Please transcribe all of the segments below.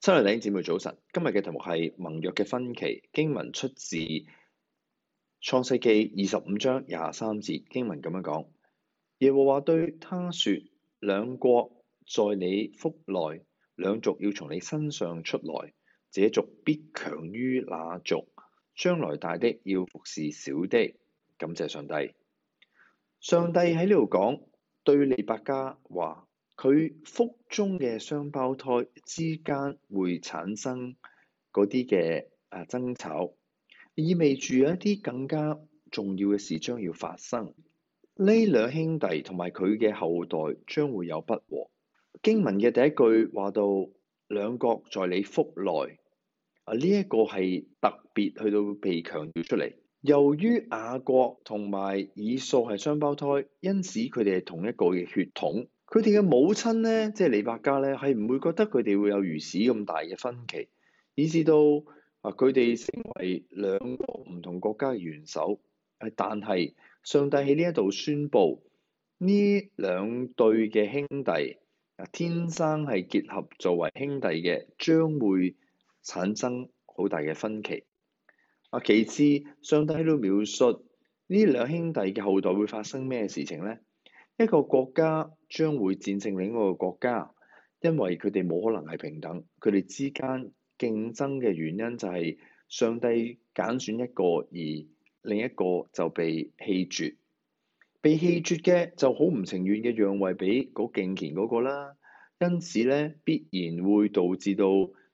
新來弟兄姊妹，早晨，今日嘅題目係盟約嘅分歧。經文出自創世紀二十五章廿三節，經文咁樣講：耶和華對他說，兩國在你腹內，兩族要從你身上出來，這族必強於那族，將來大的要服侍小的。感謝上帝，上帝喺呢度講對利百加話。佢腹中嘅雙胞胎之間會產生嗰啲嘅啊爭吵，意味住一啲更加重要嘅事將要發生。呢兩兄弟同埋佢嘅後代將會有不和。經文嘅第一句話到兩國在你腹內啊，呢、這、一個係特別去到被強調出嚟。由於雅各同埋以掃係雙胞胎，因此佢哋係同一個嘅血統。佢哋嘅母親咧，即係利百加咧，係唔會覺得佢哋會有如此咁大嘅分歧，以至到啊佢哋成為兩個唔同國家嘅元首。係，但係上帝喺呢一度宣布呢兩對嘅兄弟啊，天生係結合作為兄弟嘅，將會產生好大嘅分歧。啊，其次上帝喺度描述呢兩兄弟嘅後代會發生咩事情咧？一個國家，將會戰勝另外一個國家，因為佢哋冇可能係平等，佢哋之間競爭嘅原因就係上帝揀選一個，而另一個就被棄絕，被棄絕嘅就好唔情願嘅讓位俾嗰敬虔嗰個啦。因此咧，必然會導致到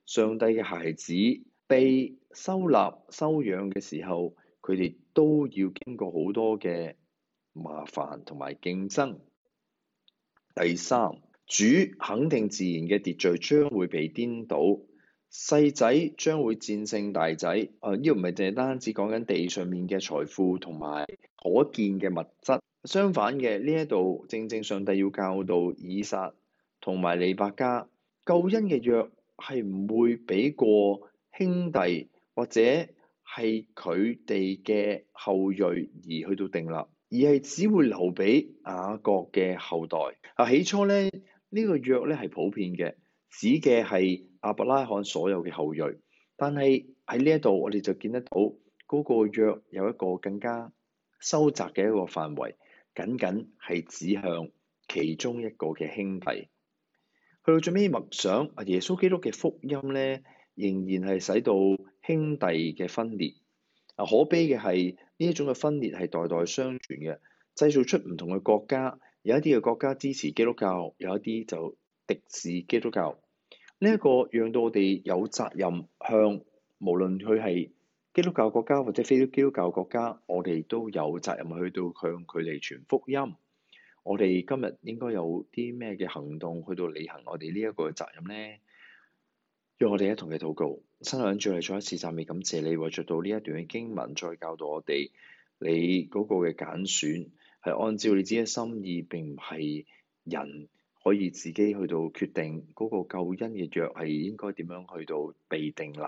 上帝嘅孩子被收納、收養嘅時候，佢哋都要經過好多嘅麻煩同埋競爭。第三，主肯定自然嘅秩序將會被顛倒，細仔將會戰勝大仔。啊、呃，呢個唔係淨係單止講緊地上面嘅財富同埋可見嘅物質。相反嘅，呢一度正正上帝要教導以撒同埋利百加救恩嘅約係唔會俾過兄弟或者係佢哋嘅後裔而去到定立。而係只會留俾雅各嘅後代。啊，起初咧，呢個約咧係普遍嘅，指嘅係亞伯拉罕所有嘅後裔。但係喺呢一度，我哋就見得到嗰個約有一個更加收窄嘅一個範圍，僅僅係指向其中一個嘅兄弟。去到最尾默想，啊，耶穌基督嘅福音咧，仍然係使到兄弟嘅分裂。啊！可悲嘅係呢一種嘅分裂係代代相傳嘅，製造出唔同嘅國家，有一啲嘅國家支持基督教，有一啲就敵視基督教。呢一個讓到我哋有責任向無論佢係基督教國家或者非基督教國家，我哋都有責任去到向佢哋傳福音。我哋今日應該有啲咩嘅行動去到履行我哋呢一個責任咧？讓我哋一同嘅禱告，新娘再嚟再一次讚美，感謝你為著到呢一段嘅經文，再教導我哋，你嗰個嘅揀選係按照你自己心意並，並唔係人可以自己去到決定嗰個救恩嘅約係應該點樣去到被定立。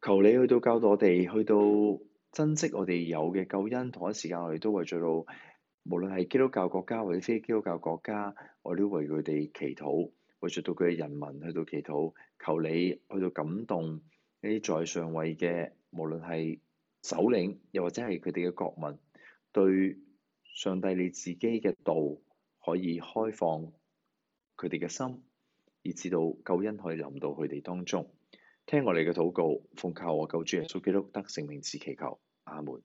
求你去到教導我哋，去到珍惜我哋有嘅救恩，同一時間我哋都為著到，無論係基督教國家或者非基督教國家，我都為佢哋祈禱。我哋到佢嘅人民去到祈禱，求你去到感動。一啲在上位嘅，無論係首領又或者係佢哋嘅國民，對上帝你自己嘅道可以開放佢哋嘅心，以至到救恩可以臨到佢哋當中。聽我哋嘅禱告，奉靠我救主耶穌基督得勝名字祈求，阿門。